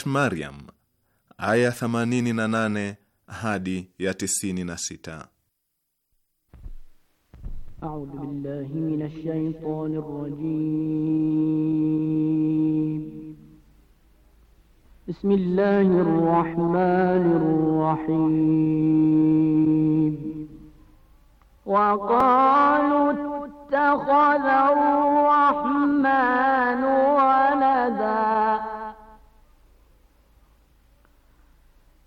Surat Maryam aya 88 hadi ya 96.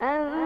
嗯。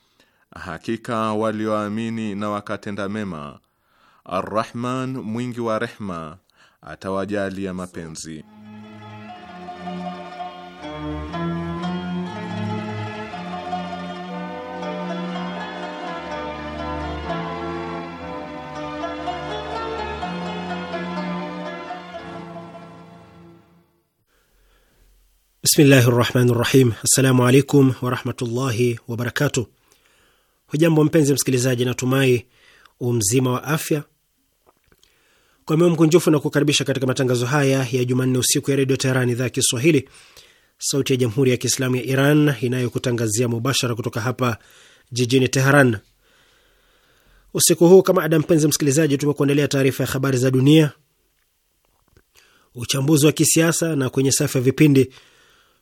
Hakika walioamini na wakatenda mema, Arrahman mwingi wa rehma atawajalia mapenzi. Bismillahi rahmani rahim. Assalamu alaikum warahmatullahi wabarakatuh. Hujambo mpenzi msikilizaji, natumai umzima wa afya. Kwa moyo mkunjufu na kukaribisha katika matangazo haya ya Jumanne usiku ya redio Teheran, idhaa ya Kiswahili, sauti ya jamhuri ya kiislamu ya Iran inayokutangazia mubashara kutoka hapa jijini Teheran. Usiku huu kama ada, mpenzi msikilizaji, tumekuandalia taarifa ya habari za dunia, uchambuzi wa kisiasa, na kwenye safu ya vipindi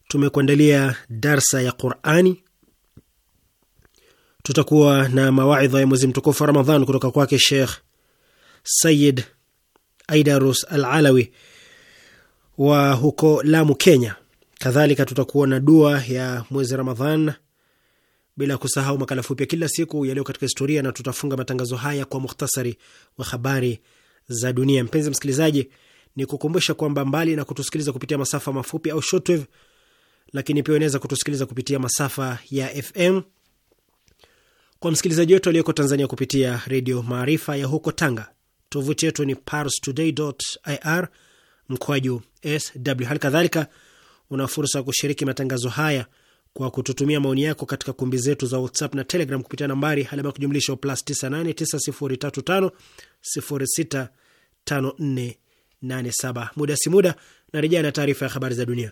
tumekuandalia darsa ya Qurani, tutakuwa na mawaidha ya mwezi mtukufu wa Ramadhan kutoka kwake Sheikh Sayid Aidarus Al Alawi wa huko Lamu, Kenya. Kadhalika tutakuwa na dua ya mwezi Ramadhan, bila kusahau makala fupi ya kila siku yaliyo katika historia, na tutafunga matangazo haya kwa mukhtasari wa habari za dunia. Mpenzi msikilizaji, ni kukumbusha kwamba mbali na kutusikiliza kupitia masafa mafupi au shortwave, lakini pia unaweza kutusikiliza kupitia masafa ya FM kwa msikilizaji wetu aliyeko Tanzania kupitia Redio Maarifa ya huko Tanga. Tovuti yetu ni parstoday.ir mkwaju sw. Hali kadhalika una fursa ya kushiriki matangazo haya kwa kututumia maoni yako katika kumbi zetu za WhatsApp na Telegram kupitia nambari alama ya kujumlisha plus 989035065487. Muda si muda na rejea na taarifa ya habari za dunia.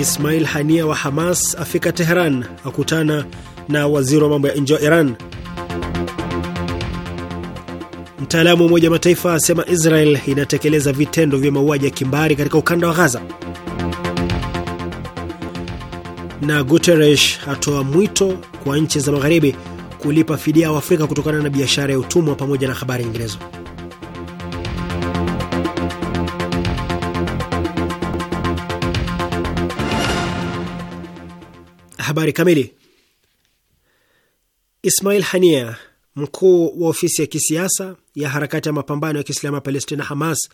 Ismail Hania wa Hamas afika Teheran akutana na waziri wa mambo ya nje wa Iran. Mtaalamu wa Umoja Mataifa asema Israel inatekeleza vitendo vya mauaji ya kimbari katika ukanda wa Gaza, na Guterres atoa mwito kwa nchi za magharibi kulipa fidia wa afrika kutokana na biashara ya utumwa, pamoja na habari nyinginezo. Habari kamili. Ismail Hania, mkuu wa ofisi ya kisiasa ya harakati ya mapambano ya Kiislamu ya Palestina, Hamas,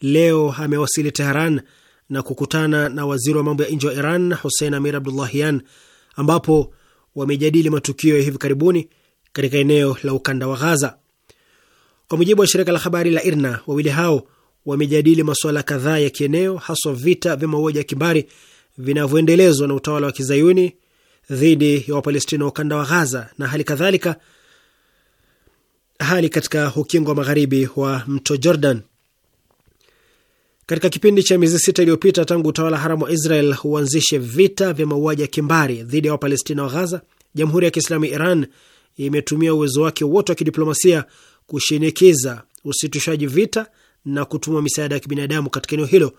leo amewasili Teheran na kukutana na waziri wa mambo ya nje wa Iran Hussein Amir Abdullahian, ambapo wamejadili matukio ya hivi karibuni katika eneo la ukanda wa Ghaza. Kwa mujibu wa shirika la habari la IRNA, wawili hao wamejadili masuala kadhaa ya kieneo, haswa vita vya mauaji ya kimbari vinavyoendelezwa na utawala wa kizayuni dhidi ya Wapalestina wa ukanda wa Ghaza na hali kadhalika hali katika ukingo wa magharibi wa mto Jordan. Katika kipindi cha miezi sita iliyopita tangu utawala haramu wa Israel huanzishe vita vya mauaji ya kimbari dhidi ya Wapalestina wa Ghaza, Jamhuri ya Kiislamu ya Iran imetumia uwezo wake wote wa kidiplomasia kushinikiza usitishaji vita na kutuma misaada ya kibinadamu katika eneo hilo.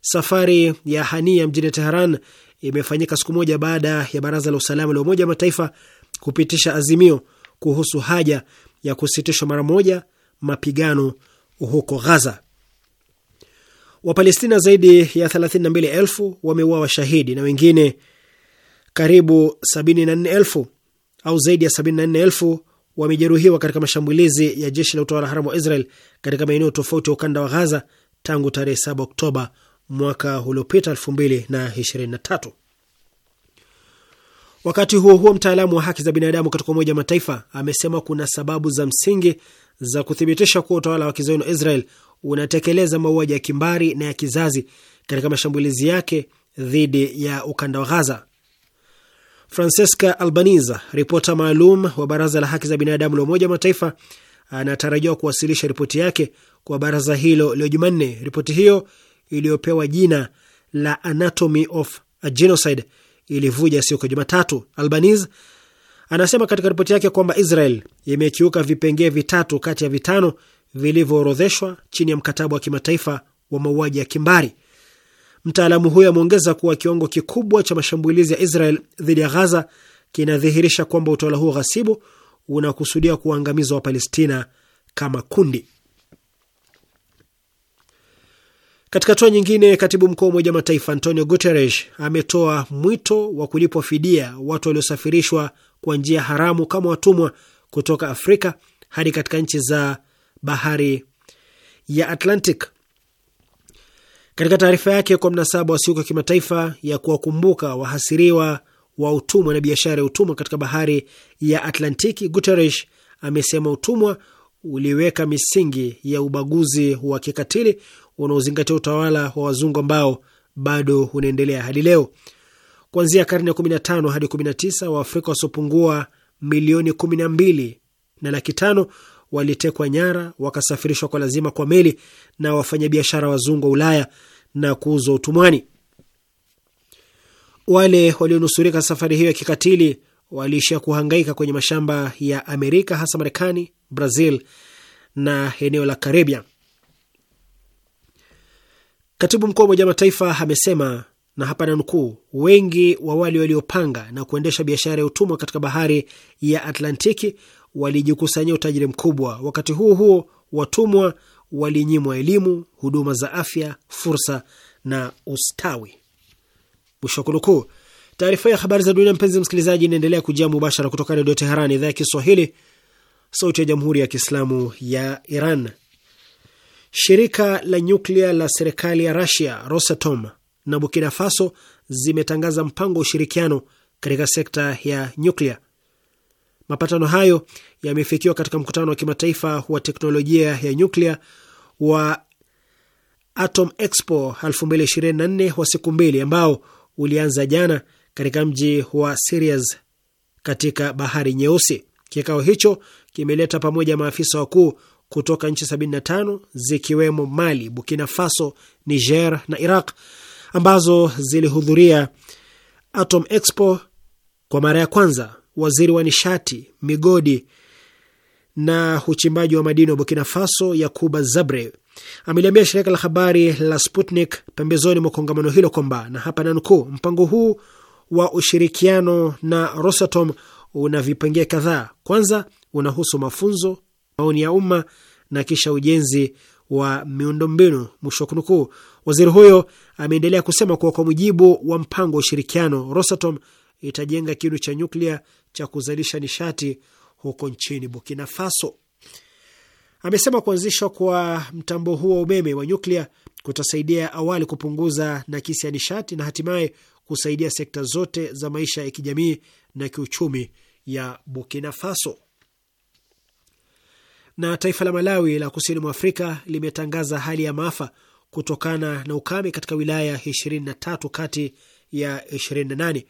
Safari ya Hania mjini Teheran imefanyika siku moja baada ya baraza la usalama la Umoja wa Mataifa kupitisha azimio kuhusu haja ya kusitishwa mara moja mapigano huko Ghaza. Wapalestina zaidi ya 32,000 wameuawa shahidi na wengine karibu 74,000 au zaidi ya 74,000 wamejeruhiwa katika mashambulizi ya jeshi la utawala haramu wa Israel katika maeneo tofauti ya ukanda wa Ghaza tangu tarehe 7 Oktoba mwaka uliopita 2023. Wakati huo huo, mtaalamu wa haki za binadamu katika Umoja wa Mataifa amesema kuna sababu za msingi za kuthibitisha kuwa utawala wa kizayuni wa Israel unatekeleza mauaji ya kimbari na ya kizazi katika mashambulizi yake dhidi ya ukanda wa Ghaza. Francesca Albanese, ripota maalum wa Baraza la Haki za Binadamu la Umoja wa Mataifa, anatarajiwa kuwasilisha ripoti yake kwa baraza hilo leo Jumanne. Ripoti hiyo iliyopewa jina la Anatomy of a Genocide ilivuja siku ya Jumatatu. Albanese anasema katika ripoti yake kwamba Israel imekiuka vipengee vitatu kati ya vitano vilivyoorodheshwa chini ya mkataba wa kimataifa wa mauaji ya kimbari. Mtaalamu huyo ameongeza kuwa kiwango kikubwa cha mashambulizi ya Israel dhidi ya Ghaza kinadhihirisha kwamba utawala huo ghasibu unakusudia kuwaangamiza Wapalestina kama kundi. Katika hatua nyingine, katibu mkuu wa Umoja wa Mataifa Antonio Guterres ametoa mwito wa kulipwa fidia watu waliosafirishwa kwa njia haramu kama watumwa kutoka Afrika hadi katika nchi za bahari ya Atlantic. Katika taarifa yake kwa mnasaba wa siku ya kimataifa ya kuwakumbuka wahasiriwa wa utumwa na biashara ya utumwa katika bahari ya Atlantiki, Guterres amesema utumwa uliweka misingi ya ubaguzi wa kikatili unaozingatia utawala wa wazungu ambao bado unaendelea hadi leo. Kuanzia karne ya 15 hadi 19, Waafrika wasiopungua milioni 12 na laki tano walitekwa nyara, wakasafirishwa kwa lazima kwa meli na wafanyabiashara wazungu wa Ulaya na kuuzwa utumwani. Wale walionusurika safari hiyo ya kikatili waliishia kuhangaika kwenye mashamba ya Amerika, hasa Marekani, Brazil na eneo la Karibia. Katibu mkuu wa Umoja wa Mataifa amesema na hapa nukuu, wengi wa wale waliopanga na kuendesha biashara ya utumwa katika bahari ya Atlantiki walijikusanyia utajiri mkubwa. Wakati huo huo, watumwa walinyimwa elimu, huduma za afya, fursa na ustawi. Mwisho kunukuu. Taarifa ya habari za dunia, mpenzi msikilizaji, inaendelea kujia mubashara kutoka Redio Teherani, idhaa ya Kiswahili, sauti ya jamhuri ya kiislamu ya Iran. Shirika la nyuklia la serikali ya Russia Rosatom na Burkina Faso zimetangaza mpango wa ushirikiano katika sekta ya nyuklia. Mapatano hayo yamefikiwa katika mkutano wa kimataifa wa teknolojia ya nyuklia wa Atom Expo 2024 wa siku mbili ambao ulianza jana katika mji wa Sirius katika Bahari Nyeusi. Kikao hicho kimeleta pamoja maafisa wakuu kutoka nchi 75 zikiwemo Mali, Burkina Faso, Niger na Iraq ambazo zilihudhuria Atom Expo kwa mara ya kwanza. Waziri wa nishati, migodi na uchimbaji wa madini wa Burkina Faso, Yakuba Zabre, ameliambia shirika la habari la Sputnik pembezoni mwa kongamano hilo kwamba, na hapa nanukuu, mpango huu wa ushirikiano na Rosatom una vipengee kadhaa. Kwanza unahusu mafunzo maoni ya umma na kisha ujenzi wa miundombinu, mwisho wa kunukuu. Waziri huyo ameendelea kusema kuwa kwa mujibu wa mpango wa ushirikiano, Rosatom itajenga kinu cha nyuklia cha kuzalisha nishati huko nchini Burkina Faso. Amesema kuanzishwa kwa mtambo huo wa umeme wa nyuklia kutasaidia awali kupunguza nakisi ya nishati na hatimaye kusaidia sekta zote za maisha ya kijamii na kiuchumi ya Burkina Faso. Na taifa la Malawi la kusini mwa Afrika limetangaza hali ya maafa kutokana na ukame katika wilaya 23 kati ya 28.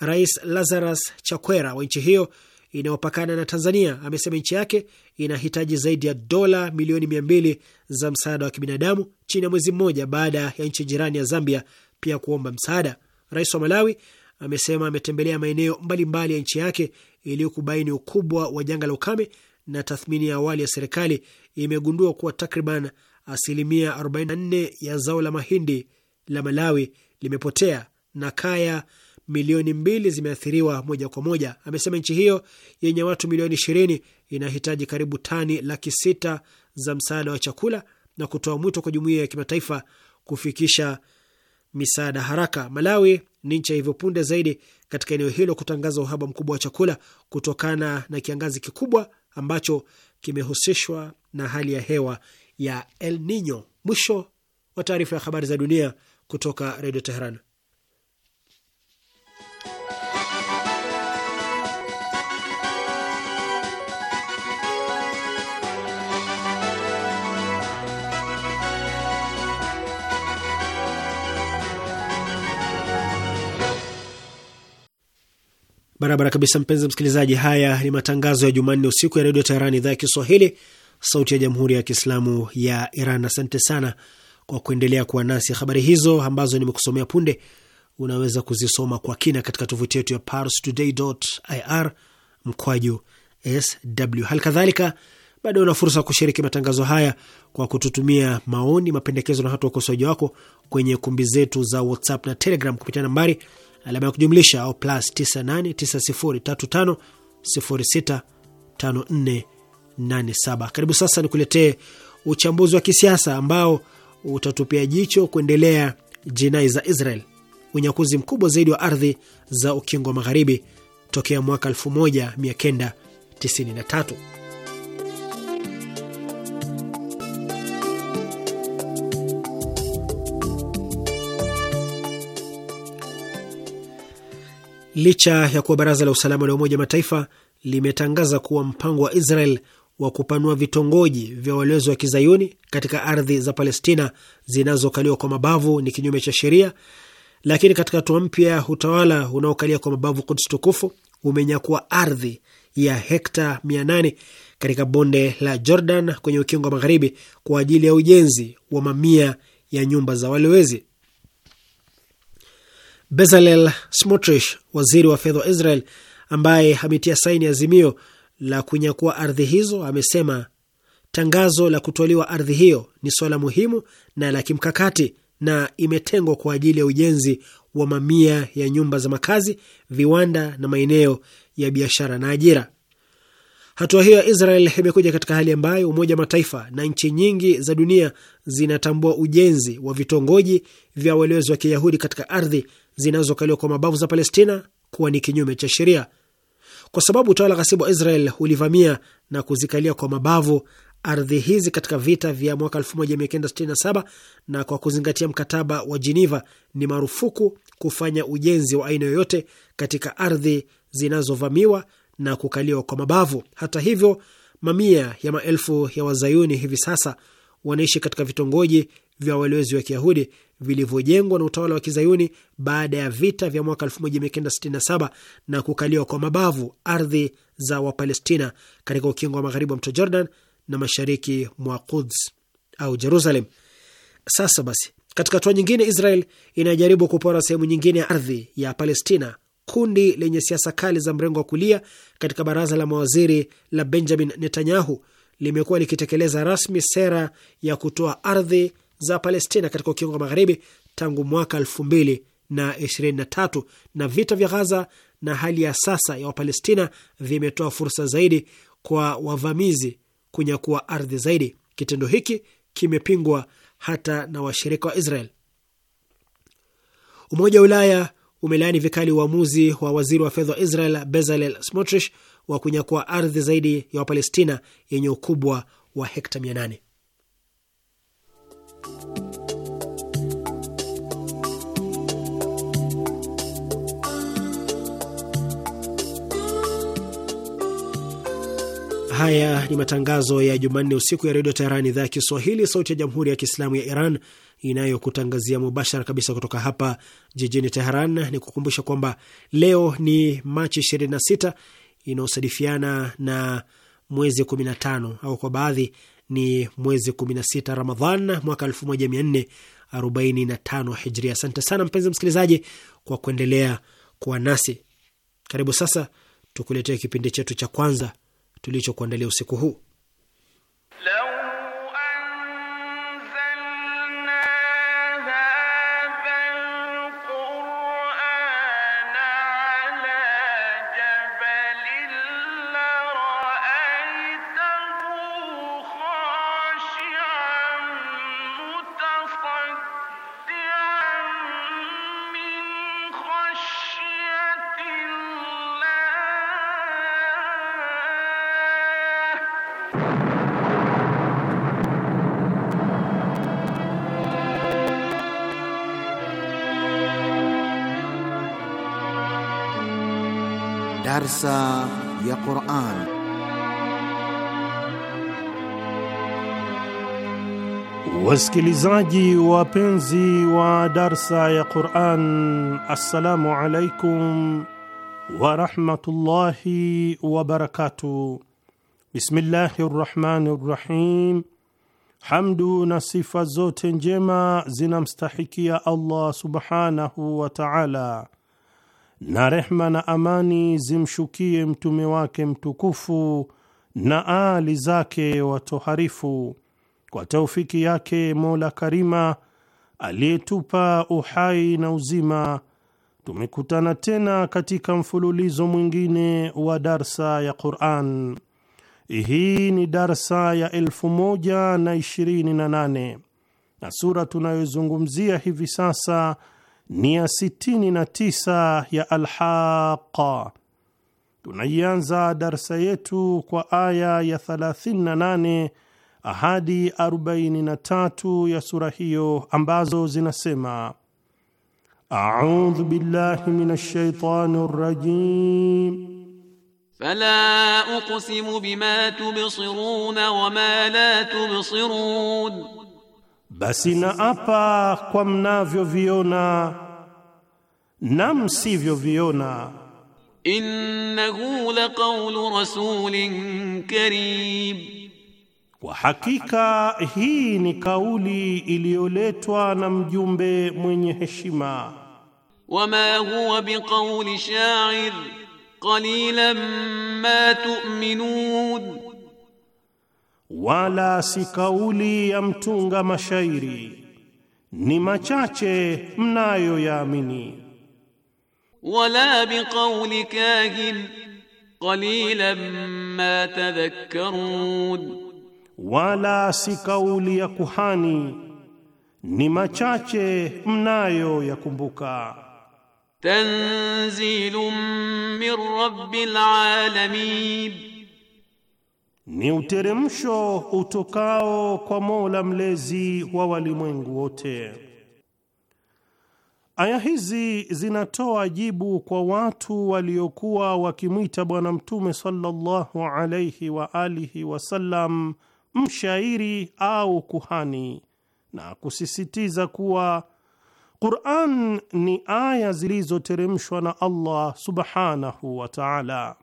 Rais Lazarus Chakwera wa nchi hiyo inayopakana na Tanzania amesema nchi yake inahitaji zaidi ya dola milioni mia mbili za msaada wa kibinadamu chini ya mwezi mmoja baada ya nchi jirani ya Zambia pia kuomba msaada. Rais wa Malawi amesema ametembelea maeneo mbalimbali ya nchi yake ili kubaini ukubwa wa janga la ukame na tathmini ya awali ya serikali imegundua kuwa takriban asilimia 44 ya zao la mahindi la Malawi limepotea na kaya milioni mbili zimeathiriwa moja kwa moja. Amesema nchi hiyo yenye watu milioni ishirini inahitaji karibu tani laki sita za msaada wa chakula na kutoa mwito kwa jumuiya ya kimataifa kufikisha misaada haraka. Malawi ni nchi ya hivyo punde zaidi katika eneo hilo kutangaza uhaba mkubwa wa chakula kutokana na kiangazi kikubwa ambacho kimehusishwa na hali ya hewa ya El Nino. Mwisho wa taarifa ya habari za dunia kutoka Redio Teheran. Barabara kabisa, mpenzi msikilizaji. Haya ni matangazo ya Jumanne usiku ya redio Teheran, idhaa ya Kiswahili, sauti ya jamhuri ya kiislamu ya Iran. Asante sana kwa kuendelea kuwa nasi. Habari hizo ambazo nimekusomea punde unaweza kuzisoma kwa kina katika tovuti yetu ya parstoday.ir mkwaju sw. Hali kadhalika bado una fursa ya kushiriki matangazo haya kwa kututumia maoni, mapendekezo na hata ukosoaji wako kwenye kumbi zetu za WhatsApp na Telegram kupitia nambari alama ya kujumlisha au plus 989035065487. Karibu sasa nikuletee uchambuzi wa kisiasa ambao utatupia jicho kuendelea jinai za Israel, unyakuzi mkubwa zaidi wa ardhi za ukingo wa magharibi tokea mwaka 1993. licha ya kuwa baraza la usalama la Umoja Mataifa limetangaza kuwa mpango wa Israel wa kupanua vitongoji vya walowezi wa kizayuni katika ardhi za Palestina zinazokaliwa kwa mabavu ni kinyume cha sheria, lakini katika hatua mpya utawala unaokalia kwa mabavu Kuds tukufu umenyakua ardhi ya hekta 800 katika bonde la Jordan kwenye ukingo wa magharibi kwa ajili ya ujenzi wa mamia ya nyumba za walowezi. Bezalel Smotrich, waziri wa fedha wa Israel ambaye ametia saini azimio la kunyakua ardhi hizo, amesema tangazo la kutwaliwa ardhi hiyo ni swala muhimu na la kimkakati na imetengwa kwa ajili ya ujenzi wa mamia ya nyumba za makazi, viwanda na maeneo ya biashara na ajira. Hatua hiyo ya Israel imekuja katika hali ambayo Umoja wa Mataifa na nchi nyingi za dunia zinatambua ujenzi wa vitongoji vya walowezi wa Kiyahudi katika ardhi zinazokaliwa kwa mabavu za Palestina kuwa ni kinyume cha sheria, kwa sababu utawala ghasibu wa Israel ulivamia na kuzikalia kwa mabavu ardhi hizi katika vita vya mwaka 1967 na kwa kuzingatia mkataba wa Jeneva, ni marufuku kufanya ujenzi wa aina yoyote katika ardhi zinazovamiwa na kukaliwa kwa mabavu. Hata hivyo, mamia ya maelfu ya wazayuni hivi sasa wanaishi katika vitongoji vya walowezi wa kiyahudi vilivyojengwa na utawala wa kizayuni baada ya vita vya mwaka 1967 na kukaliwa kwa mabavu ardhi za Wapalestina katika ukingo wa magharibi wa mto Jordan na mashariki mwa Quds au Jerusalem. Sasa basi, katika hatua nyingine, Israel inajaribu kupora sehemu nyingine ya ardhi ya Palestina kundi lenye siasa kali za mrengo wa kulia katika baraza la mawaziri la Benjamin Netanyahu limekuwa likitekeleza rasmi sera ya kutoa ardhi za Palestina katika ukingo wa magharibi tangu mwaka elfu mbili na ishirini na tatu na vita vya Ghaza na hali ya sasa ya Wapalestina vimetoa fursa zaidi kwa wavamizi kunyakua ardhi zaidi. Kitendo hiki kimepingwa hata na washirika wa Israel. Umoja wa Ulaya umelaani vikali uamuzi wa waziri wa fedha wa Israel Bezalel Smotrich wa kunyakua ardhi zaidi ya Wapalestina yenye ukubwa wa hekta 800. Haya ni matangazo ya Jumanne usiku ya redio teheran idhaa ya Kiswahili, sauti ya jamhuri ya kiislamu ya Iran inayokutangazia mubashara kabisa kutoka hapa jijini Teheran. Ni kukumbusha kwamba leo ni Machi 26 inayosadifiana na mwezi 15 au kwa baadhi ni mwezi 16 Ramadhan mwaka 1445 Hijria. Asante sana mpenzi msikilizaji kwa kuendelea kuwa nasi. Karibu sasa tukuletee kipindi chetu cha kwanza tulichokuandalia usiku huu. Darsa ya Quran. Wasikilizaji wapenzi wa darsa ya Quran, assalamu alaikum wa wabarakatuh wa barakatuh. Bismillahi rahmani rahim. Hamdu na sifa zote njema zinamstahikia Allah subhanahu wa taala na rehma na amani zimshukie mtume wake mtukufu na aali zake watoharifu. Kwa taufiki yake Mola Karima aliyetupa uhai na uzima, tumekutana tena katika mfululizo mwingine wa darsa ya Quran. Hii ni darsa ya elfu moja na ishirini na nane na sura tunayozungumzia hivi sasa ni ya 69 ya Alhaqa. Tunaianza darsa yetu kwa aya ya 38 hadi 43 ya sura hiyo ambazo zinasema: audhu billahi minash shaitani rajim fala uqsimu bima tubsiruna wama la tubsirun basi na apa kwa mnavyoviona na msivyoviona. Innahu laqawlu rasulin karim, kwa hakika hii ni kauli iliyoletwa na mjumbe mwenye heshima. Wama huwa biqawli sha'ir qalilan ma tu'minun wala si kauli ya mtunga mashairi, ni machache mnayoyaamini. Wala biqauli kahin qalilan ma tadhakkarun, wala si kauli ya kuhani, ni machache mnayoyakumbuka. Tanzilun min rabbil alamin ni uteremsho utokao kwa Mola mlezi wa walimwengu wote. Aya hizi zinatoa jibu kwa watu waliokuwa wakimwita Bwana Mtume sallallahu alayhi wa alihi wasallam mshairi au kuhani na kusisitiza kuwa Qur'an ni aya zilizoteremshwa na Allah subhanahu wa ta'ala.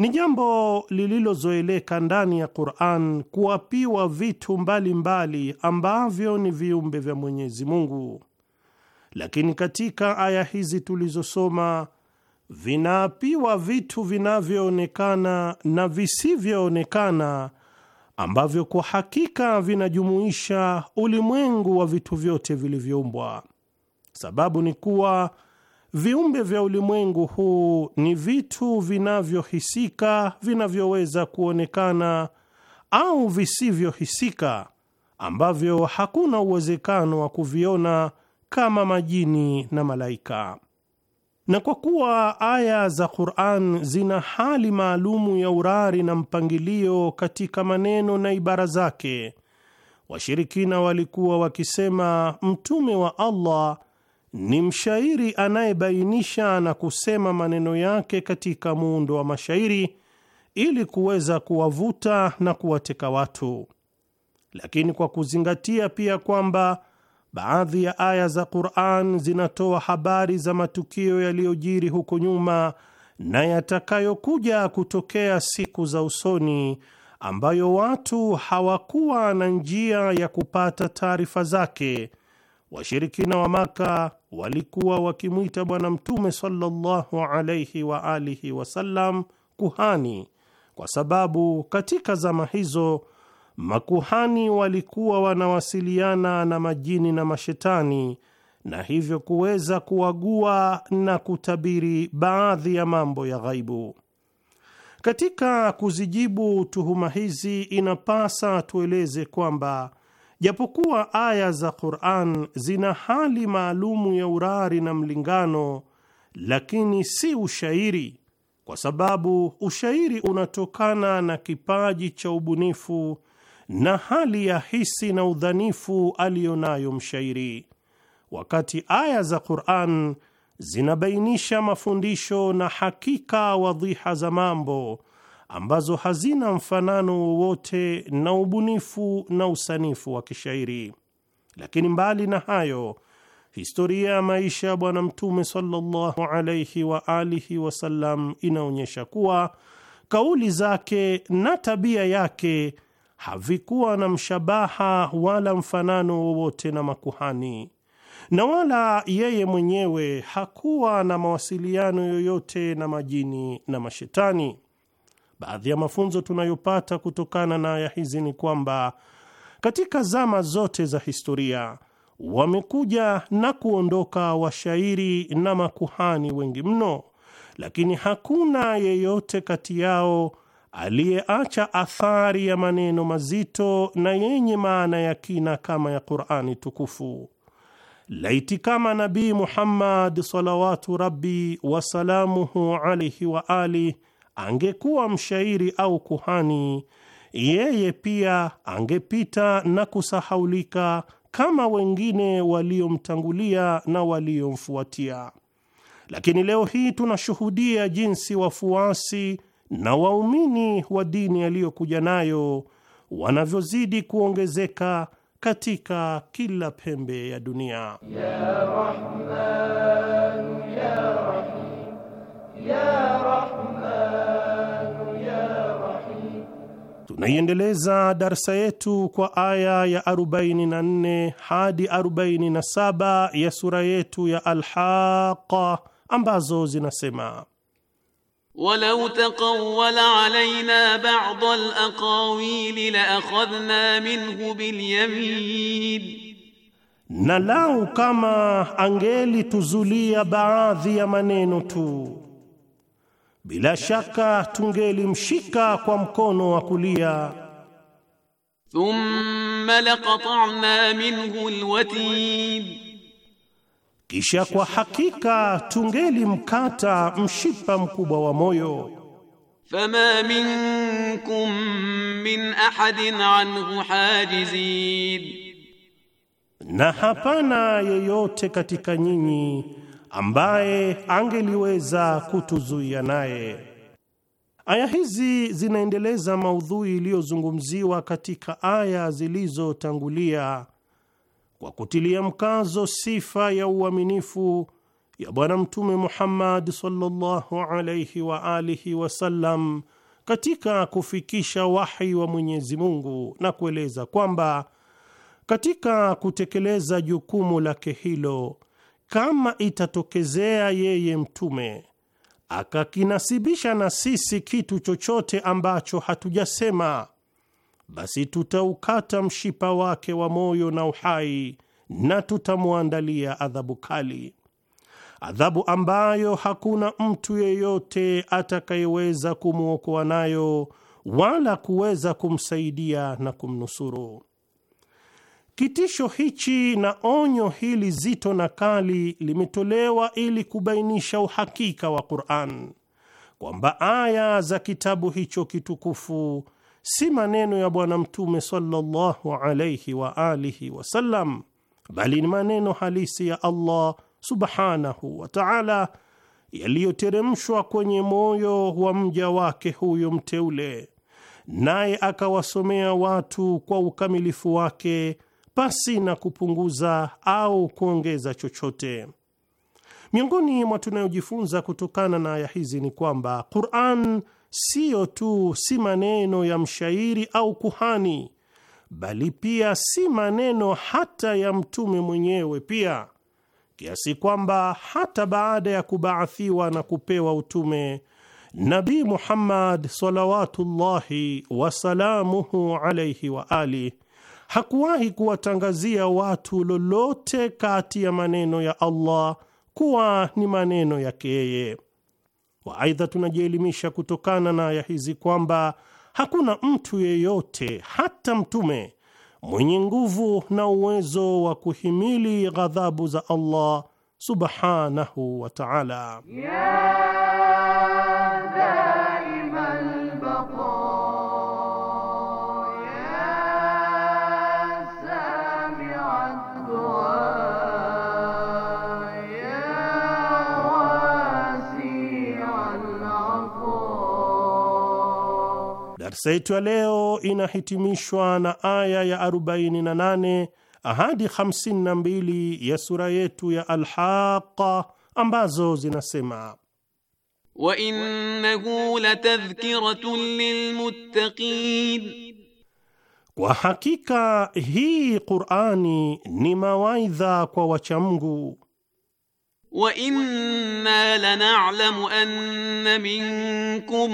Ni jambo lililozoeleka ndani ya Qur'an kuapiwa vitu mbalimbali mbali ambavyo ni viumbe vya Mwenyezi Mungu, lakini katika aya hizi tulizosoma vinaapiwa vitu vinavyoonekana na visivyoonekana ambavyo kwa hakika vinajumuisha ulimwengu wa vitu vyote vilivyoumbwa. Sababu ni kuwa viumbe vya ulimwengu huu ni vitu vinavyohisika, vinavyoweza kuonekana au visivyohisika, ambavyo hakuna uwezekano wa kuviona kama majini na malaika. Na kwa kuwa aya za Qur'an zina hali maalumu ya urari na mpangilio katika maneno na ibara zake, washirikina walikuwa wakisema mtume wa Allah ni mshairi anayebainisha na kusema maneno yake katika muundo wa mashairi ili kuweza kuwavuta na kuwateka watu, lakini kwa kuzingatia pia kwamba baadhi ya aya za Qur'an zinatoa habari za matukio yaliyojiri huko nyuma na yatakayokuja kutokea siku za usoni ambayo watu hawakuwa na njia ya kupata taarifa zake washirikina wa Maka walikuwa wakimwita Bwana Mtume sallallahu alaihi wa alihi wasallam kuhani, kwa sababu katika zama hizo makuhani walikuwa wanawasiliana na majini na mashetani na hivyo kuweza kuagua na kutabiri baadhi ya mambo ya ghaibu. Katika kuzijibu tuhuma hizi, inapasa tueleze kwamba Japokuwa aya za Qur'an zina hali maalumu ya urari na mlingano, lakini si ushairi, kwa sababu ushairi unatokana na kipaji cha ubunifu na hali ya hisi na udhanifu aliyonayo mshairi, wakati aya za Qur'an zinabainisha mafundisho na hakika wadhiha za mambo ambazo hazina mfanano wowote na ubunifu na usanifu wa kishairi. Lakini mbali na hayo, historia ya maisha ya Bwana Mtume sallallahu alaihi wa alihi wasallam inaonyesha kuwa kauli zake na tabia yake havikuwa na mshabaha wala mfanano wowote na makuhani na wala yeye mwenyewe hakuwa na mawasiliano yoyote na majini na mashetani. Baadhi ya mafunzo tunayopata kutokana na aya hizi ni kwamba katika zama zote za historia wamekuja na kuondoka washairi na makuhani wengi mno, lakini hakuna yeyote kati yao aliyeacha athari ya maneno mazito na yenye maana ya kina kama ya Qur'ani tukufu. Laiti kama Nabii Muhammad salawatu rabbi wasalamuhu alayhi wa ali angekuwa mshairi au kuhani, yeye pia angepita na kusahaulika kama wengine waliomtangulia na waliomfuatia. Lakini leo hii tunashuhudia jinsi wafuasi na waumini wa dini aliyokuja nayo wanavyozidi kuongezeka katika kila pembe ya dunia ya Rahman, ya Rahman. Tunaiendeleza darsa yetu kwa aya ya 44 hadi 47 ya sura yetu ya Alhaqa ambazo zinasema: walau taqawwala alayna ba'd alaqawil la akhadhna minhu bilyamin, na lau kama angeli tuzulia baadhi ya maneno tu bila shaka tungelimshika kwa mkono wa kulia. Thumma laqata'na minhu alwatid, kisha kwa hakika tungelimkata mshipa mkubwa wa moyo. Fama minkum min ahadin anhu hajizin, na hapana yeyote katika nyinyi ambaye angeliweza kutuzuia naye. Aya hizi zinaendeleza maudhui iliyozungumziwa katika aya zilizotangulia kwa kutilia mkazo sifa ya uaminifu ya Bwana Mtume Muhammad sallallahu alayhi wa alihi wasallam katika kufikisha wahi wa Mwenyezi Mungu na kueleza kwamba katika kutekeleza jukumu lake hilo kama itatokezea yeye mtume akakinasibisha na sisi kitu chochote ambacho hatujasema, basi tutaukata mshipa wake wa moyo na uhai na tutamwandalia adhabu kali, adhabu ambayo hakuna mtu yeyote atakayeweza kumwokoa nayo wala kuweza kumsaidia na kumnusuru. Kitisho hichi na onyo hili zito na kali limetolewa ili kubainisha uhakika wa Qur'an kwamba aya za kitabu hicho kitukufu si maneno ya Bwana Mtume sallallahu alayhi wa alihi wasallam, bali ni maneno halisi ya Allah subhanahu wa ta'ala yaliyoteremshwa kwenye moyo wa mja wake huyo mteule, naye akawasomea watu kwa ukamilifu wake pasi na kupunguza au kuongeza chochote. Miongoni mwa tunayojifunza kutokana na aya hizi ni kwamba Quran siyo tu si maneno ya mshairi au kuhani, bali pia si maneno hata ya mtume mwenyewe pia, kiasi kwamba hata baada ya kubaathiwa na kupewa utume Nabi Muhammad salawatullahi wasalamuhu alaihi wa alihi hakuwahi kuwatangazia watu lolote kati ya maneno ya Allah kuwa ni maneno yake yeye. Waaidha, tunajielimisha kutokana na aya hizi kwamba hakuna mtu yeyote, hata mtume mwenye nguvu na uwezo wa kuhimili ghadhabu za Allah subhanahu wa ta'ala, yeah. Darsa yetu ya leo inahitimishwa na aya ya 48 hadi 52 ya sura yetu ya Alhaqa ambazo zinasema wa innahu latadhkiratun lilmuttaqin, kwa hakika hii Qur'ani ni mawaidha kwa wachamgu wa inna lanalamu anna minkum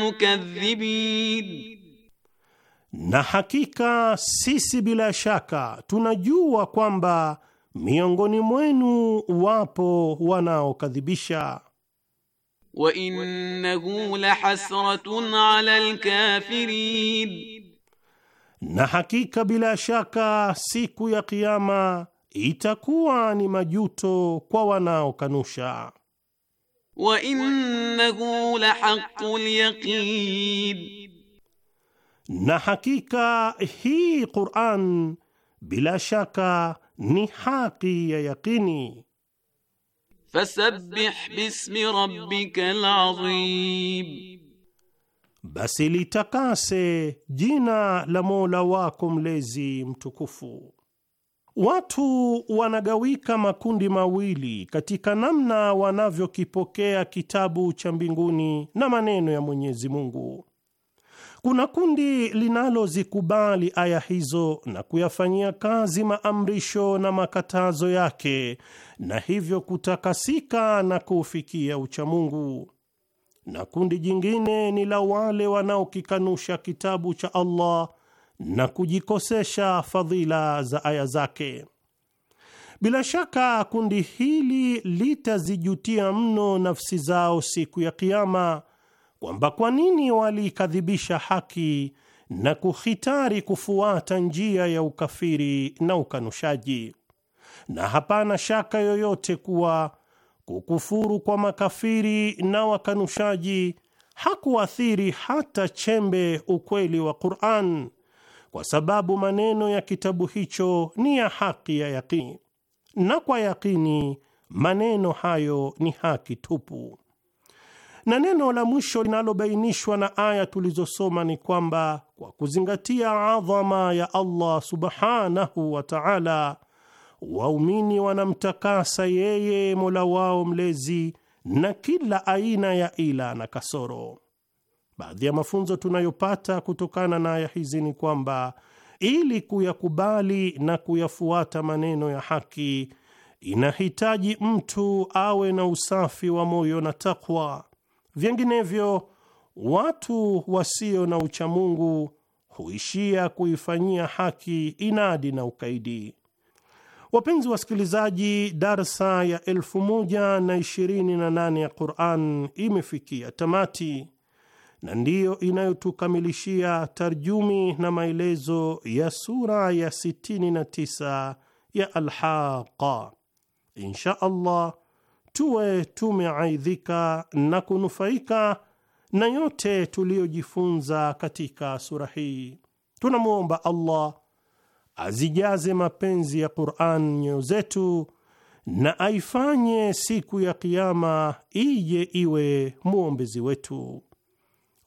mukadhibin, na hakika sisi bila shaka tunajua kwamba miongoni mwenu wapo wanaokadhibisha. wa innahu lahasratun ala alkafirin, na hakika bila shaka siku ya Kiyama itakuwa ni majuto kwa wanaokanusha. Wa innahu lahaqqul yaqin, na hakika hii Qur'an bila shaka ni haki ya yaqini. Fasabbih bismi rabbikal azim, basi litakase jina la Mola wako mlezi mtukufu. Watu wanagawika makundi mawili katika namna wanavyokipokea kitabu cha mbinguni na maneno ya Mwenyezi Mungu. Kuna kundi linalozikubali aya hizo na kuyafanyia kazi maamrisho na makatazo yake, na hivyo kutakasika na kuufikia uchamungu, na kundi jingine ni la wale wanaokikanusha kitabu cha Allah na kujikosesha fadhila za aya zake. Bila shaka kundi hili litazijutia mno nafsi zao siku ya Kiama kwamba kwa nini waliikadhibisha haki na kuhitari kufuata njia ya ukafiri na ukanushaji. Na hapana shaka yoyote kuwa kukufuru kwa makafiri na wakanushaji hakuathiri hata chembe ukweli wa Qur'an kwa sababu maneno ya kitabu hicho ni ya haki ya yaqini, na kwa yaqini maneno hayo ni haki tupu. Na neno la mwisho linalobainishwa na aya tulizosoma ni kwamba kwa kuzingatia adhama ya Allah subhanahu wa ta'ala, waumini wanamtakasa yeye Mola wao mlezi na kila aina ya ila na kasoro. Baadhi ya mafunzo tunayopata kutokana na aya hizi ni kwamba ili kuyakubali na kuyafuata maneno ya haki inahitaji mtu awe na usafi wa moyo na takwa, vinginevyo watu wasio na uchamungu huishia kuifanyia haki inadi na ukaidi. Wapenzi wasikilizaji, darsa ya elfu moja na ishirini na nane ya Quran imefikia tamati na ndiyo inayotukamilishia tarjumi na maelezo ya sura ya 69 ya Alhaqa. Insha Allah tuwe tumeaidhika na kunufaika na yote tuliyojifunza katika sura hii. Tunamwomba Allah azijaze mapenzi ya Qur'an nyoyo zetu na aifanye siku ya Kiyama ije iwe mwombezi wetu.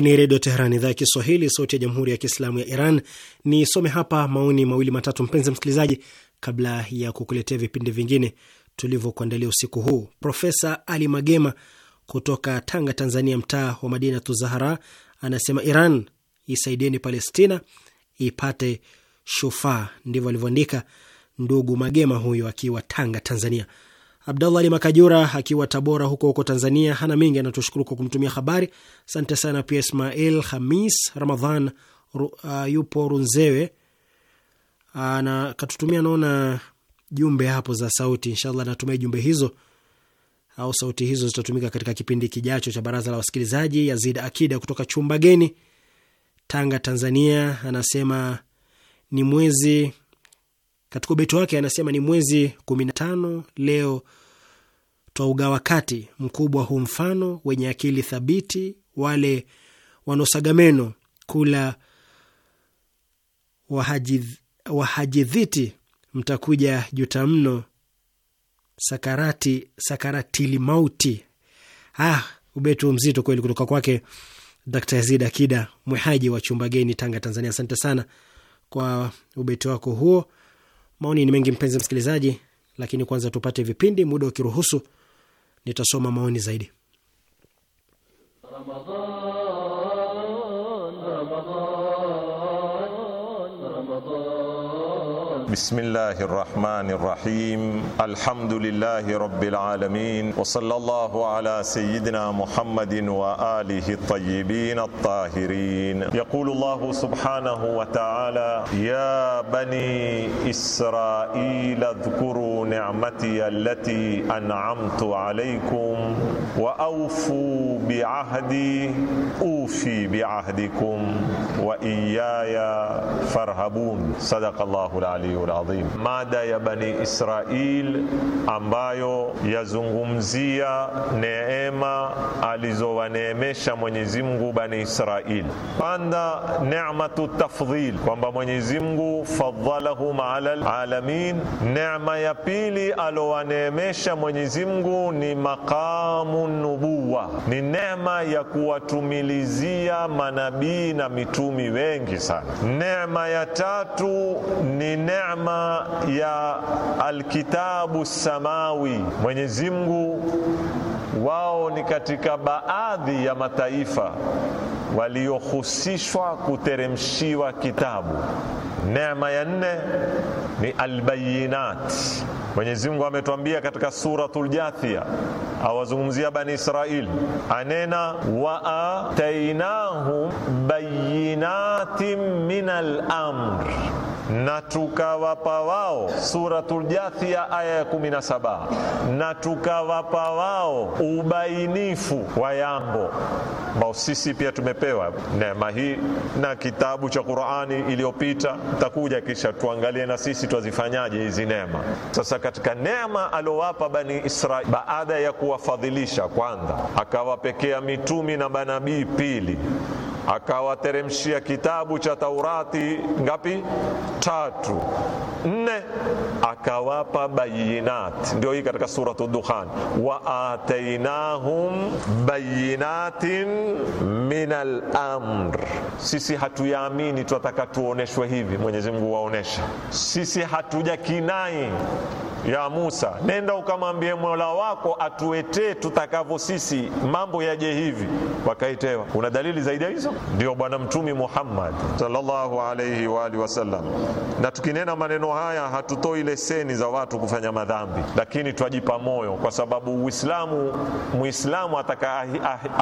Ni Redio Teheran, idhaa ya Kiswahili, sauti ya Jamhuri ya Kiislamu ya Iran. Ni some hapa maoni mawili matatu, mpenzi msikilizaji, kabla ya kukuletea vipindi vingine tulivyokuandalia usiku huu. Profesa Ali Magema kutoka Tanga, Tanzania, mtaa wa Madinatu Zahara, anasema Iran isaidieni Palestina ipate shufaa. Ndivyo alivyoandika ndugu Magema huyo akiwa Tanga, Tanzania. Abdallah Ali Makajura akiwa Tabora huko huko Tanzania hana mengi, anatushukuru kwa kumtumia habari. Asante sana pia Ismail Hamis Ramadhan ru, uh, yupo Runzewe ana katutumia naona jumbe hapo za sauti. Inshallah natumai jumbe hizo au sauti hizo zitatumika katika kipindi kijacho cha baraza la wasikilizaji. Yazid Akida kutoka chumba geni Tanga, Tanzania anasema ni mwezi katika ubeti wake anasema ni mwezi kumi na tano leo twauga kati mkubwa huu mfano wenye akili thabiti wale wanosagameno kula wahajidhiti mtakuja juta mno sakarati sakaratili mauti. Ah, ubetu mzito kweli kutoka kwake Dkt. Yazid Akida Mwehaji wa chumba geni Tanga, Tanzania. Asante sana kwa ubeti wako huo. Maoni ni mengi mpenzi msikilizaji, lakini kwanza tupate vipindi, muda ukiruhusu Nitasoma maoni zaidi Ramadan. بسم الله الرحمن الرحيم الحمد لله رب العالمين وصلى الله على سيدنا محمد واله الطيبين الطاهرين يقول الله سبحانه وتعالى يا بني اسرائيل اذكروا نعمتي التي انعمت عليكم واوفوا بعهدي اوفي بعهدكم واياي فارهبون صدق الله العلي al adhim, mada ya Bani Israil ambayo yazungumzia neema alizowaneemesha Mwenyezi Mungu Bani Israil. Kwanza neematu tafdhil, kwamba Mwenyezi Mungu fadhalahum ala alalamin. Neema ya pili alowaneemesha Mwenyezi Mungu ni maqamu nubuwa, ni neema ya kuwatumilizia manabii na mitumi wengi sana. Neema ya tatu ni neema neema ya alkitabu samawi. Mwenyezi Mungu wao ni katika baadhi ya mataifa waliohusishwa kuteremshiwa kitabu. Neema ya nne ni albayinat. Mwenyezi Mungu ametuambia katika Suratul Jathia, awazungumzia Bani Israil, anena wa atainahum bayinatin min al-amr na tukawapa wao, Suratul Jathia aya ya kumi na na tukawapa wao ubainifu wa yambo ambao sisi pia tumepewa neema hii na kitabu cha Qur'ani iliyopita. Takuja kisha tuangalie na sisi twazifanyaje hizi neema. Sasa katika neema aliowapa Bani Israel baada ya kuwafadhilisha kwanza, akawapekea mitumi na manabii pili akawateremshia kitabu cha Taurati ngapi? Tatu. Nne, akawapa bayinati, ndio hii katika suratu Dukhan, wa atainahum bayinatin min al-amr. Sisi hatuyaamini, twataka tuoneshwe hivi. Mwenyezi Mungu waonesha sisi, hatuja kinai ya Musa, nenda ukamwambie Mola wako atuetee tutakavyo sisi, mambo yaje hivi. Wakaitewa. Kuna dalili zaidi ya hizo? ndio Bwana Mtumi Muhammad sallallahu alayhi wa alihi wasallam. Na tukinena maneno haya hatutoi leseni za watu kufanya madhambi, lakini twajipa moyo, kwa sababu Uislamu, Muislamu ataka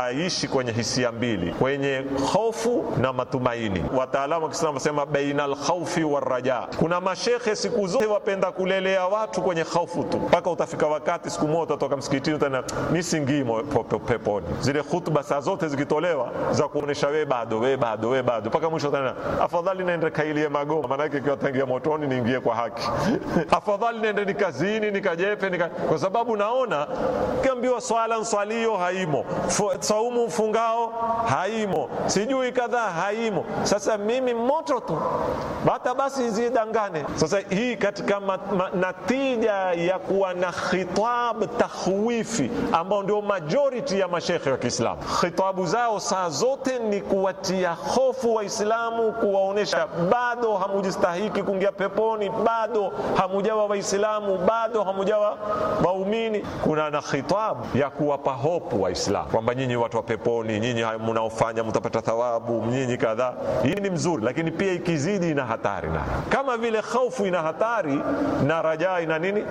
aishi kwenye hisia mbili, kwenye hofu na matumaini. Wataalamu wa Kiislamu wasema baina alkhaufi warraja. Kuna mashekhe siku zote wapenda kulelea watu kwenye hofu tu, mpaka utafika wakati siku moja utatoka msikitini, tena misingimo peponi. Zile hutuba saa zote zikitolewa za kuonesha wewe bado wewe bado wewe bado mpaka mwisho tena, afadhali naende kailie magoma, maana yake kiwatangia motoni niingie kwa haki afadhali naende nikazini nikajepe nika, kwa sababu naona kiambiwa swala nswalio haimo saumu mfungao haimo sijui kadhaa haimo. Sasa mimi moto tu bata basi zidangane. Sasa hii katika ma, ma, natija ya kuwa na khitab takhwifi ambao ndio majority ya mashekhe wa Kiislamu khitabu zao saa zote ni kuwatia hofu Waislamu, kuwaonesha bado hamujistahiki kuingia peponi, bado hamujawa Waislamu, bado hamujawa waumini. Kuna na khitabu ya kuwapa hopu Waislamu kwamba nyinyi watu wa peponi, nyinyi mnaofanya mtapata thawabu, nyinyi kadhaa. Hii ni mzuri, lakini pia ikizidi ina hatari, na kama vile hofu ina hatari na rajaa ina nini,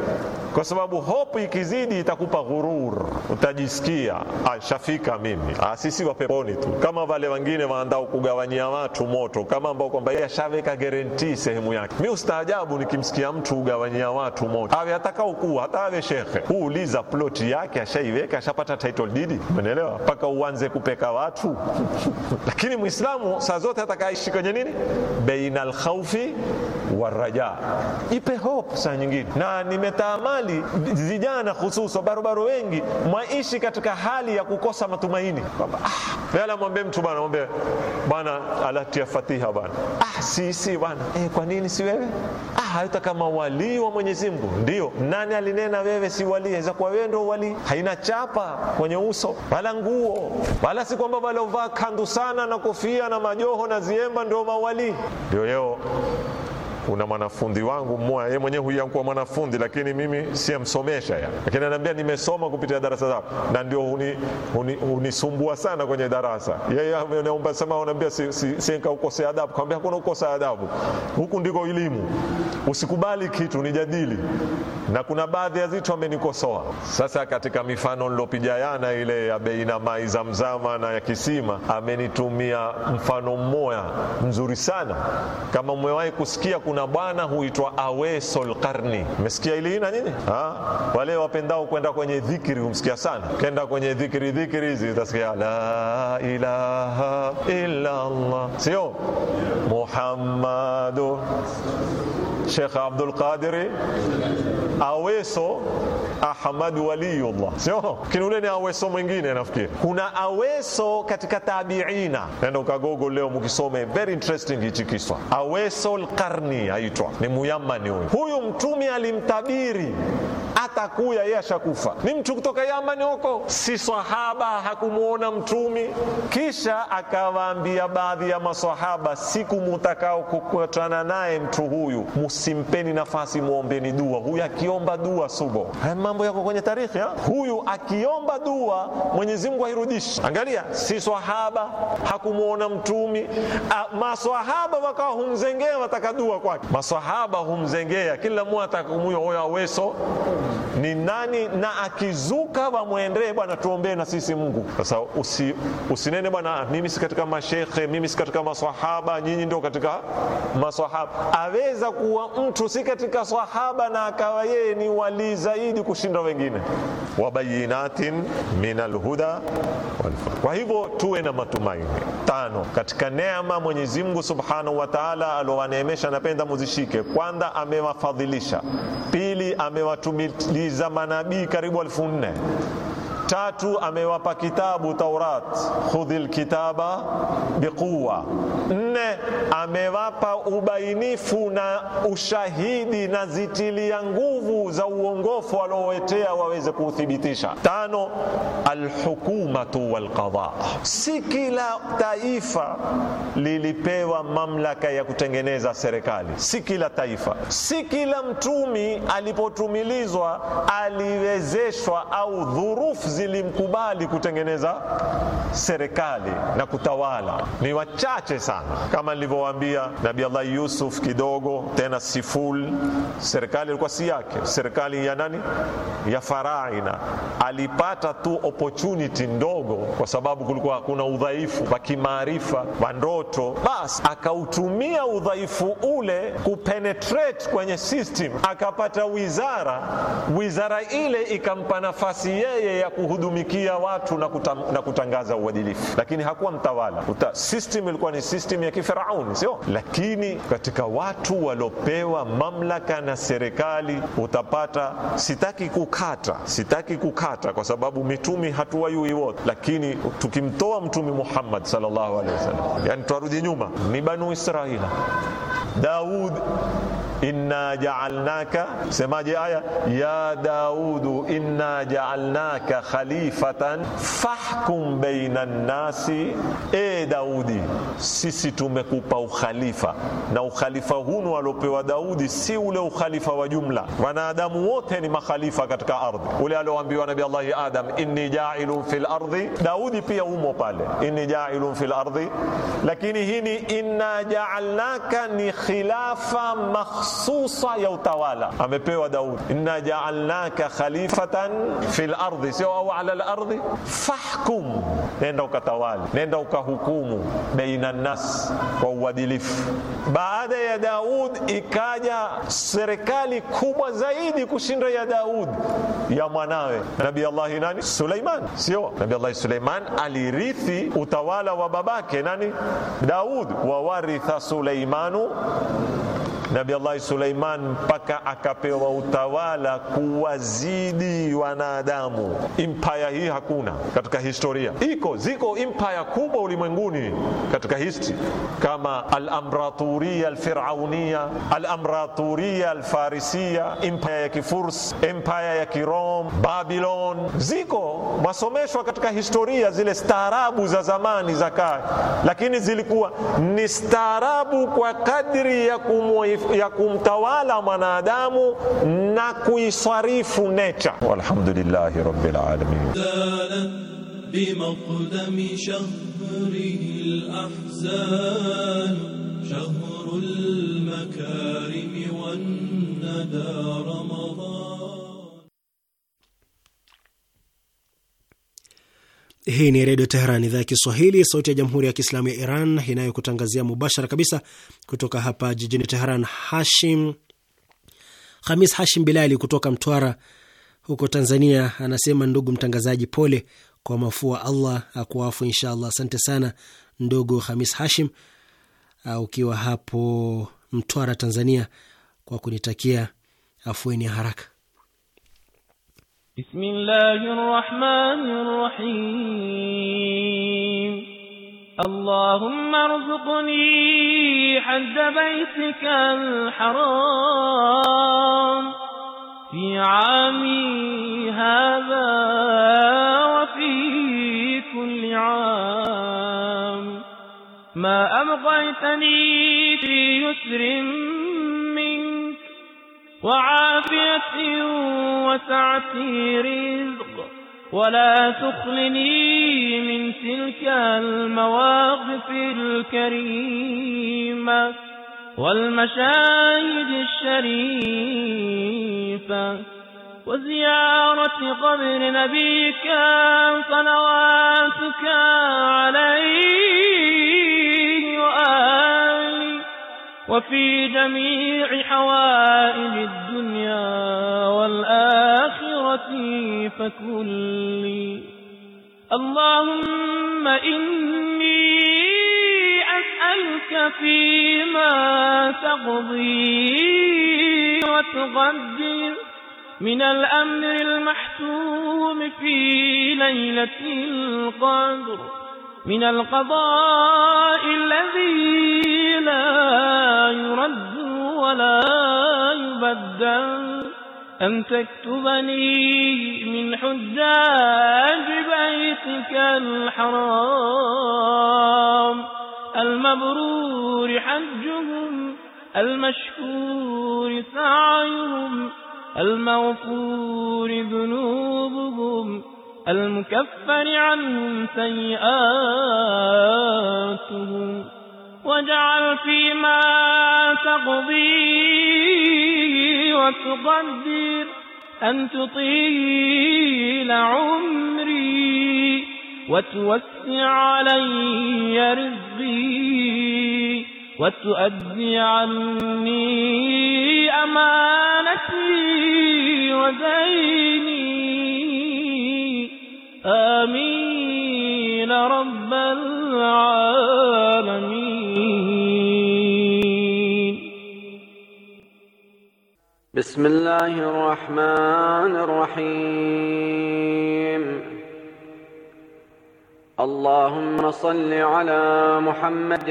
kwa sababu hopu ikizidi itakupa ghurur, utajisikia ashafika ah, mimi, asisi ah, wa peponi tu kama vale wengine waandao kugawanyia watu moto, kama ambao kwamba yeye ashaweka garanti sehemu yake. Mimi ustaajabu nikimsikia mtu ugawanyia watu moto, awe atakao kuwa hata awe shekhe, huuliza ploti yake ashaiweka, ashapata title deed, umeelewa? Mpaka uanze kupeka watu lakini Muislamu saa zote atakaishi kwenye nini, baina alkhaufi waraja, ipe hope saa nyingine. Na nimetaamali vijana hususan barobaro wengi mwaishi katika hali ya kukosa matumaini, kwamba ah, yala mwambie mtu bwana akamwambia bana, alatia fatiha bana. Ah. ah, si si bana. Eh, kwa nini si wewe? Ah, hata kama wali wa Mwenyezi Mungu. Ndio, nani alinena wewe si walii? Aweza kuwa wewe ndio walii. Haina chapa kwenye uso wala nguo wala si kwamba waliovaa kandu sana na kofia na majoho na ziemba ndio mawalii. Ndio leo una mwanafunzi wangu mmoja, yeye mwenyewe huyakuwa hakuwa mwanafunzi, lakini mimi siyamsomesha ya, lakini ananiambia nimesoma kupitia darasa zako, na ndio hunisumbua huni, huni sana kwenye darasa. Yeye anaomba sema, ananiambia si, si, si ukosea adabu. Kaambia hakuna ukosa adabu, huku ndiko elimu. Usikubali kitu, nijadili na kuna baadhi ya zitu amenikosoa. Sasa katika mifano nilopiga yana ile ya bei na mai mzama na ya kisima, amenitumia mfano mmoja mzuri sana. Kama mmewahi kusikia, kuna bwana huitwa Awesol Karni, mmesikia ili ina nini? wale wapendao kwenda kwenye dhikiri humsikia sana, kenda kwenye dhikiri, dhikiri hizi utasikia la ilaha illa Allah, sio Muhammadu Sheikh Abdul Qadir Aweso Ahmad Waliullah, sio oh, ule ni Aweso mwingine. Nafikiri kuna Aweso katika tabiina, nenda ukagogo leo mkisome, very interesting hichi kiswa. Aweso al-Qarni aitwa ni Muyamani huyu. Huyu mtume alimtabiri hatakuya yeye ashakufa, ni mtu kutoka Yamani huko, si sahaba, hakumwona Mtumi. Kisha akawaambia baadhi ya masahaba, siku mutakao kukutana naye mtu huyu, musimpeni nafasi, muombeni dua. Huyu akiomba dua subo, haya mambo yako kwenye tarikhi Huyu akiomba dua Mwenyezi Mungu Angalia, si swahaba, hakumwona Mtumi. A, ah, maswahaba wakawa humzengea, wataka dua kwake. Maswahaba humzengea, kila mmoja atakumuyo hoya aweso ni nani, na akizuka wamwendee. Bwana tuombee na sisi Mungu. Sasa usi, usinene bwana, mimi si katika mashekhe, mimi si katika maswahaba, nyinyi ndio katika maswahaba. Aweza kuwa mtu si katika swahaba na akawa yeye ni wali zaidi kushinda wengine. wabayinatin min alhuda. Kwa hivyo tuwe na matumaini. Tano, katika neema Mwenyezi Mungu subhanahu wa taala aliowaneemesha, napenda muzishike. Kwanza amewafadhilisha, pili amewatumikia ni zamana bii karibu elfu nne Tatu, amewapa kitabu Taurat, khudhil kitaba biquwa. Nne, amewapa ubainifu na ushahidi na zitilia nguvu za uongofu walowetea waweze kuuthibitisha. Tano, alhukumatu walqadha. Si kila taifa lilipewa mamlaka ya kutengeneza serikali, si kila taifa, si kila mtumi alipotumilizwa aliwezeshwa au dhurufu zilimkubali kutengeneza serikali na kutawala. Ni wachache sana, kama nilivyowaambia. Nabii Allah Yusuf kidogo tena Siful, serikali ilikuwa si yake, serikali ya nani? Ya faraina. Alipata tu opportunity ndogo, kwa sababu kulikuwa hakuna udhaifu wa kimaarifa wa ndoto, basi akautumia udhaifu ule kupenetrate kwenye system, akapata wizara. Wizara ile ikampa nafasi yeye ya ku kuhudumikia watu na, kutam, na kutangaza uadilifu, lakini hakuwa mtawala. Uta, system ilikuwa ni system ya kifirauni, sio? Lakini katika watu waliopewa mamlaka na serikali utapata, sitaki kukata, sitaki kukata kwa sababu mitumi hatuwayui wote, lakini tukimtoa Mtumi Muhammad sallallahu alaihi wasallam, yani twarudi nyuma, ni Banu Israila Daud inna jaalnaka semaje aya ya Daudu inna jaalnaka khalifatan fahkum baina nnasi, e Daudi, sisi tumekupa ukhalifa. Na ukhalifa hunu aliopewa Daudi si ule ukhalifa wa jumla, wanadamu wote ni makhalifa katika ardhi, ule alioambiwa Nabi Allahi Adam, inni jailun fil ardhi, Daudi pia umo pale, inni jailun fil ardhi. Lakini hii ni inna jaalnaka ni khilafa makhsusa mahsusa ya utawala amepewa Daudi, inna jaalnaka khalifatan fil ardhi, sio au ala lardhi, fahkum, nenda ukatawali, nenda ukahukumu baina nas kwa uadilifu. Baada ya Daud ikaja serikali kubwa zaidi kushinda ya Daud ya mwanawe Nabii Allah nani Suleiman, sio Nabii Allah Suleiman alirithi utawala wa babake nani Daud, wawaritha Suleimanu Nabi Allahi Suleiman mpaka akapewa utawala kuwazidi wanadamu. Empire hii hakuna katika historia, iko ziko empire kubwa ulimwenguni katika history kama al-Amraturia al-Firaunia, al-Amraturia al-Farisia, empire ya Kifurs, empire ya Kirom, Babylon, ziko wasomeshwa katika historia zile staarabu za zamani za kale, lakini zilikuwa ni staarabu kwa kadri ya kumwa ya kumtawala mwanadamu na kuisarifu necha. Walhamdulillahi rabbil alamin. بمقدم شهره الأحزان شهر المكارم والندى رمضان Hii ni Redio Teheran, idhaa ya Kiswahili, sauti ya Jamhuri ya Kiislamu ya Iran, inayokutangazia mubashara kabisa kutoka hapa jijini Teheran. Hashim Hamis Hashim Bilali kutoka Mtwara huko Tanzania anasema, ndugu mtangazaji, pole kwa mafua, Allah akuafu inshallah. Asante sana ndugu Hamis Hashim uh, ukiwa hapo Mtwara, Tanzania, kwa kunitakia afueni haraka. بسم الله الرحمن الرحيم اللهم ارزقني حد بيتك الحرام في عامي هذا وفي كل عام ما أبقيتني في يسر وعافية وسعة رزق ولا تخلني من تلك المواقف الكريمة والمشاهد الشريفة وزيارة قبر نبيك صلواتك عليه وفي جميع حوائج الدنيا والآخرة فكلي اللهم إني أسألك فيما تقضي وتغدر من الأمر المحتوم في ليلة القدر من القضاء الذي لا يرد ولا يبدل أن تكتبني من حجاج بيتك الحرام المبرور حجهم المشكور سعيهم المغفور ذنوبهم المكفر عنهم سيئاتهم واجعل فيما تقضي وتقدر أن تطيل عمري وتوسع علي رزقي وتؤدي عني أمانتي وزيني آمين رب العالمين بسم الله الرحمن الرحيم اللهم صل على محمد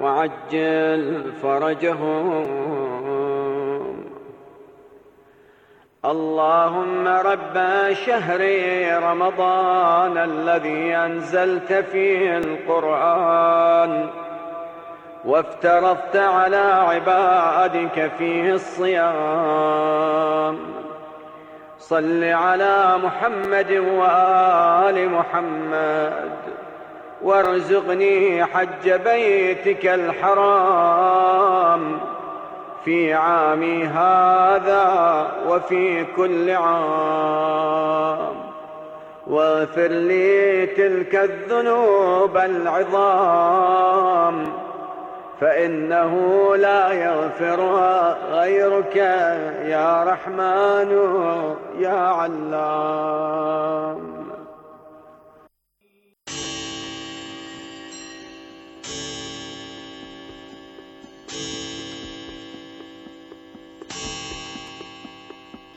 وعجل فرجه اللهم رب شهر رمضان الذي أنزلت فيه القرآن وافترضت على عبادك فيه الصيام صل على محمد وآل محمد وارزقني حج بيتك الحرام في عامي هذا وفي كل عام واغفر لي تلك الذنوب العظام فإنه لا يغفرها غيرك يا رحمن يا علام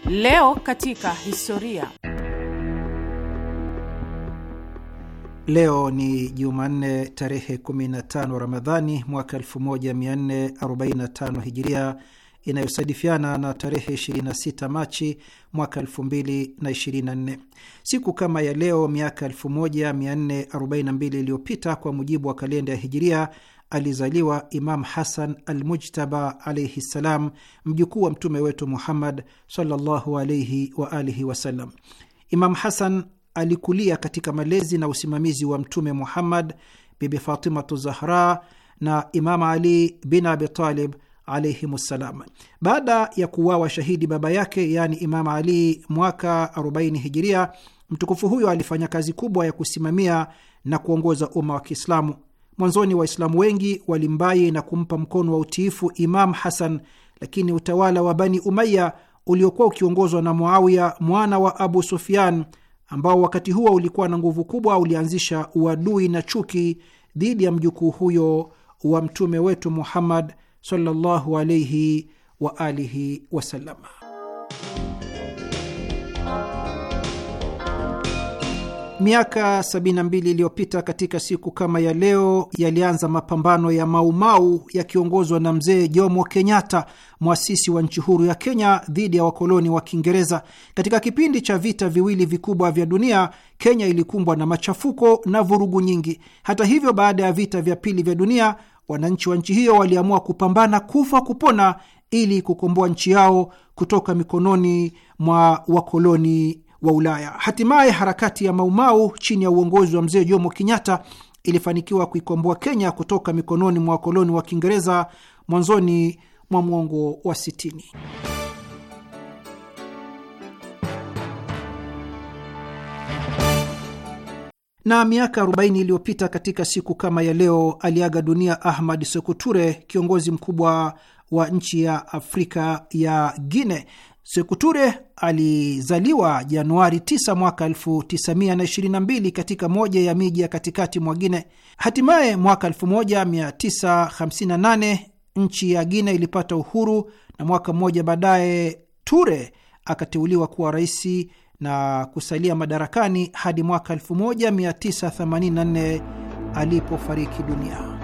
Leo katika historia. Leo ni Jumanne tarehe 15 Ramadhani mwaka 1445 Hijiria, inayosadifiana na tarehe 26 Machi mwaka 2024. Siku kama ya leo miaka 1442 iliyopita, kwa mujibu wa kalenda ya Hijiria, alizaliwa Imam Hasan Almujtaba alaihi ssalam, mjukuu wa mtume wetu Muhammad sallallahu alaihi wa alihi wasallam. Imam Hasan alikulia katika malezi na usimamizi wa Mtume Muhammad, Bibi Fatimatu Zahra na Imam Ali bin Abitalib alaihim ssalam. Baada ya kuuawa shahidi baba yake, yaani Imam Ali mwaka 40 Hijiria, mtukufu huyo alifanya kazi kubwa ya kusimamia na kuongoza umma wa Kiislamu. Mwanzoni Waislamu wengi walimbaye na kumpa mkono wa utiifu Imam Hasan, lakini utawala wa Bani Umaya uliokuwa ukiongozwa na Muawiya mwana wa Abu Sufyan, ambao wakati huo ulikuwa na nguvu kubwa, ulianzisha uadui na chuki dhidi ya mjukuu huyo wa mtume wetu Muhammad sallallahu alaihi wa alihi wasallam. Miaka 72 iliyopita katika siku kama ya leo yalianza mapambano ya Maumau yakiongozwa na mzee Jomo Kenyatta, mwasisi wa nchi huru ya Kenya, dhidi ya wakoloni wa Kiingereza. Katika kipindi cha vita viwili vikubwa vya dunia, Kenya ilikumbwa na machafuko na vurugu nyingi. Hata hivyo, baada ya vita vya pili vya dunia, wananchi wa nchi hiyo waliamua kupambana kufa kupona ili kukomboa nchi yao kutoka mikononi mwa wakoloni wa Ulaya. Hatimaye harakati ya Maumau chini ya uongozi wa mzee Jomo Kenyatta ilifanikiwa kuikomboa Kenya kutoka mikononi mwa wakoloni wa Kiingereza mwanzoni mwa mwongo wa sitini. Na miaka 40 iliyopita katika siku kama ya leo aliaga dunia Ahmad sekuture kiongozi mkubwa wa nchi ya Afrika ya guine Sekuture alizaliwa Januari 9 mwaka 1922 katika moja ya miji ya katikati mwa Gine. Hatimaye mwaka 1958 nchi ya Gine ilipata uhuru na mwaka mmoja baadaye Ture akateuliwa kuwa rais na kusalia madarakani hadi mwaka 1984 alipofariki dunia.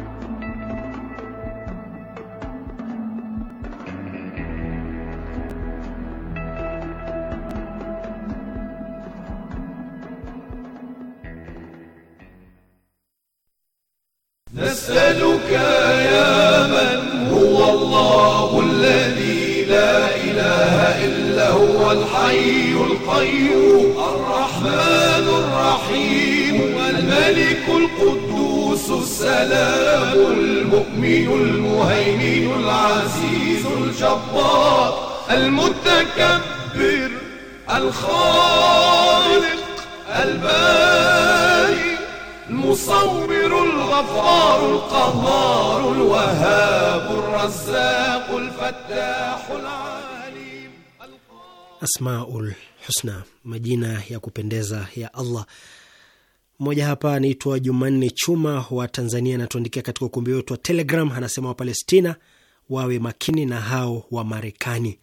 نسألك يا من هو الله الذي لا إله إلا هو الحي القيوم الرحمن الرحيم الملك القدوس السلام المؤمن المهيمن العزيز الجبار المتكبر الخالق البارئ المصور الغفار القهار الوهاب الرزاق الفتاح العليم Asmaul الحسنى majina ya kupendeza ya Allah. Mmoja hapa anaitwa Jumanne Chuma wa Tanzania, anatuandikia katika ukumbi wetu wa Telegram, anasema Wapalestina wawe makini na hao wa Marekani.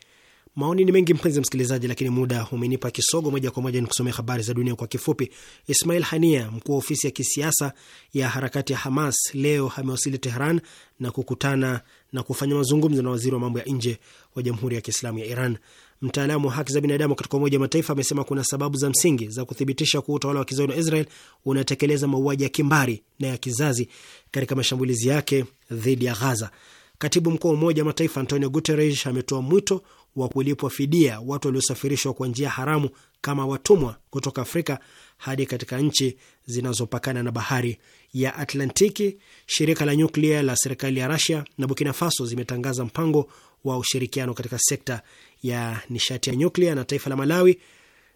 Maoni ni mengi mpenzi msikilizaji, lakini muda umenipa kisogo. Moja kwa moja nikusomea habari za dunia kwa kifupi. Ismail Hania, mkuu wa ofisi ya kisiasa ya harakati ya Hamas, leo amewasili Tehran na kukutana na kufanya mazungumzo na waziri wa mambo ya nje wa Jamhuri ya Kiislamu ya Iran. Mtaalamu wa haki za binadamu katika Umoja wa Mataifa amesema kuna sababu za msingi za kuthibitisha kuwa utawala wa kizayuni wa Israel unatekeleza mauaji ya kimbari na ya kizazi katika mashambulizi yake dhidi ya Ghaza. Katibu mkuu wa Umoja wa Mataifa Antonio Guterres ametoa mwito wa kulipwa fidia watu waliosafirishwa kwa njia haramu kama watumwa kutoka Afrika hadi katika nchi zinazopakana na bahari ya Atlantiki. Shirika la nyuklia la serikali ya Rasia na Burkina Faso zimetangaza mpango wa ushirikiano katika sekta ya nishati ya nyuklia, na taifa la Malawi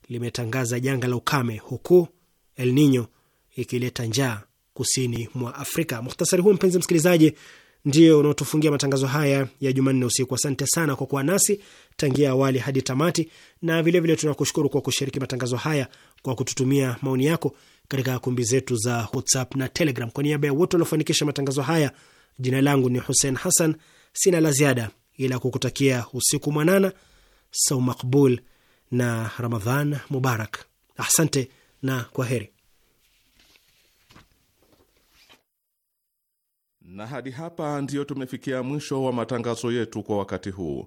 limetangaza janga la ukame, huku El Nino ikileta njaa kusini mwa Afrika. Muhtasari huu mpenzi msikilizaji, ndio unaotufungia matangazo haya ya Jumanne usiku. Asante sana kwa kuwa nasi tangia awali hadi tamati, na vilevile vile tunakushukuru kwa kushiriki matangazo haya kwa kututumia maoni yako katika kumbi zetu za WhatsApp na Telegram. Kwa niaba ya wote waliofanikisha matangazo haya, jina langu ni Hussein Hassan. Sina la ziada ila kukutakia usiku mwanana, sau makbul na Ramadhan mubarak. Asante na kwa heri. Na hadi hapa ndiyo tumefikia mwisho wa matangazo yetu kwa wakati huu.